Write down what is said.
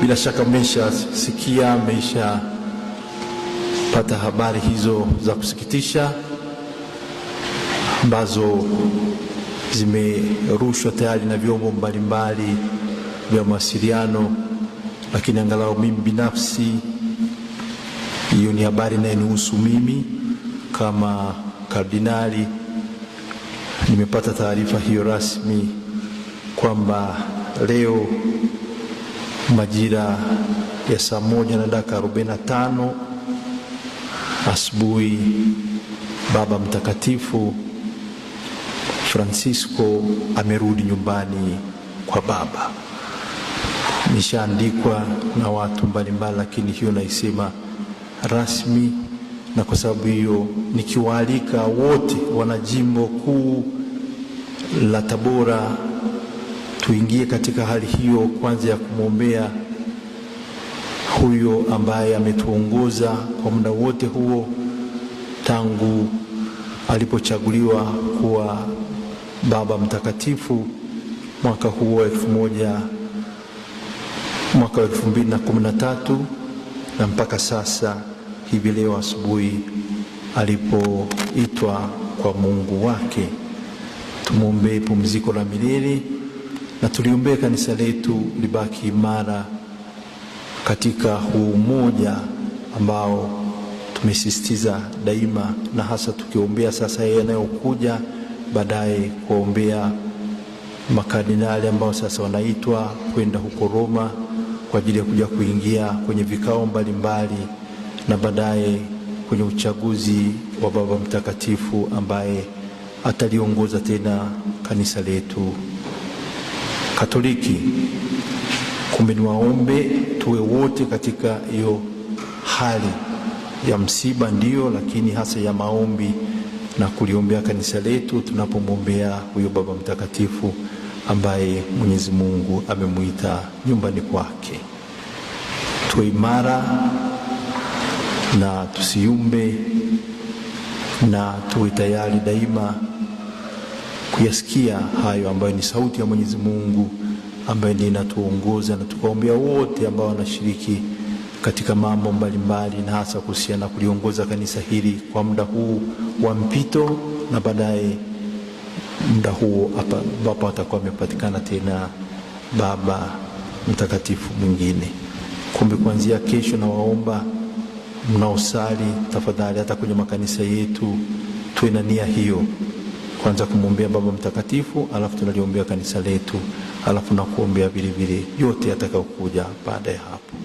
Bila shaka mmeshasikia, mmeshapata habari hizo za kusikitisha ambazo zimerushwa tayari na vyombo mbalimbali vya mawasiliano, lakini angalau mimi binafsi, hiyo ni habari inayonihusu mimi kama kardinali. Nimepata taarifa hiyo rasmi kwamba leo majira ya saa moja na dakika arobaini na tano asubuhi Baba Mtakatifu Francisco amerudi nyumbani kwa Baba. Nishaandikwa na watu mbalimbali, lakini hiyo naisema rasmi, na kwa sababu hiyo nikiwaalika wote wanajimbo kuu la Tabora tuingie katika hali hiyo kwanza ya kumwombea huyo ambaye ametuongoza kwa muda wote huo tangu alipochaguliwa kuwa Baba Mtakatifu mwaka huo elfu moja mwaka wa elfu mbili na kumi na tatu na mpaka sasa hivi leo asubuhi alipoitwa kwa Mungu wake. Tumwombee pumziko la milele na tuliombee kanisa letu libaki imara katika huu umoja ambao tumesisitiza daima, na hasa tukiombea sasa yeye anayokuja baadaye, kuwaombea makardinali ambao sasa wanaitwa kwenda huko Roma kwa ajili ya kuja kuingia kwenye vikao mbalimbali mbali, na baadaye kwenye uchaguzi wa Baba Mtakatifu ambaye ataliongoza tena kanisa letu. Katoliki. Kumbe ni waombe tuwe wote katika hiyo hali ya msiba, ndio lakini hasa ya maombi na kuliombea kanisa letu tunapomwombea huyo Baba Mtakatifu ambaye Mwenyezi Mungu amemwita nyumbani kwake. Tuwe imara na tusiumbe na tuwe tayari daima kuyasikia hayo ambayo ni sauti ya Mwenyezi Mungu ambayo ndiye inatuongoza na tukaombea wote ambao wanashiriki katika mambo mbalimbali na hasa kuhusiana na kuliongoza kanisa hili kwa muda huu wa mpito na baadaye muda huo ambapo atakuwa amepatikana tena Baba Mtakatifu mwingine. Kumbe kuanzia kesho, na waomba mnaosali, tafadhali hata kwenye makanisa yetu tuwe na nia hiyo kwanza kumwombea Baba Mtakatifu, alafu tunaliombea kanisa letu, alafu nakuombea vilevile yote yatakayokuja baada ya hapo.